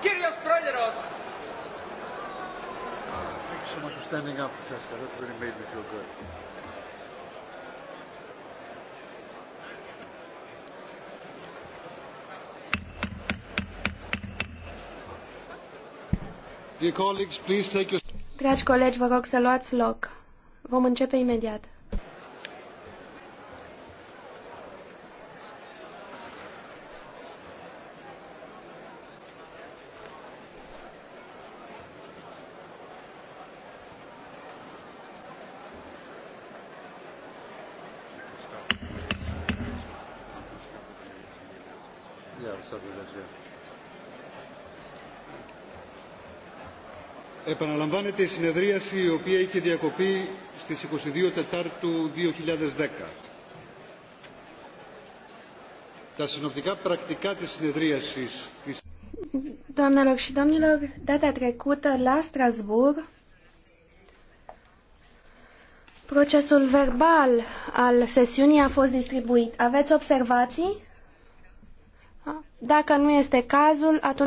Κύριος Πρόεδρος. so much for standing up, Francesca. That really made me feel good. Dear colleagues, please take your... Dragi colegi, vă rog să luați loc. Vom începe imediat. Επαναλαμβάνεται η συνεδρίαση η οποία είχε διακοπεί στις 22 Τετάρτου 2010. Τα συνοπτικά πρακτικά της συνεδρίασης της... Doamnelor și domnilor, data trecută la Strasburg, procesul verbal al sesiunii a fost distribuit. Aveți observații? Dacă nu este cazul, atunci